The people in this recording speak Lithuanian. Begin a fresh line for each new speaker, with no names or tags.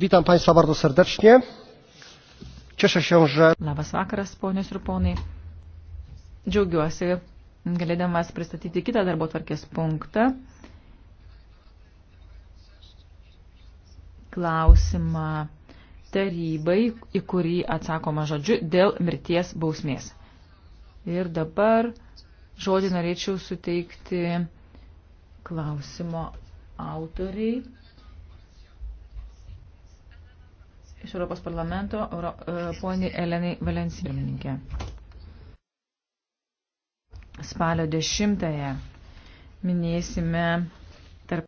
Witam Państwa bardzo serdecznie. Cieszę się, że. Labas
vakaras, ponios ir ponai. Džiaugiuosi, galėdamas pristatyti kitą darbo tvarkės punktą. Klausimą tarybai, į kurį atsakoma žodžiu dėl mirties bausmės. Ir dabar žodį norėčiau suteikti klausimo autoriai iš Europos parlamento Euro, e, poniai Elenai Valensi pirmininkė. Spalio 10
minėsime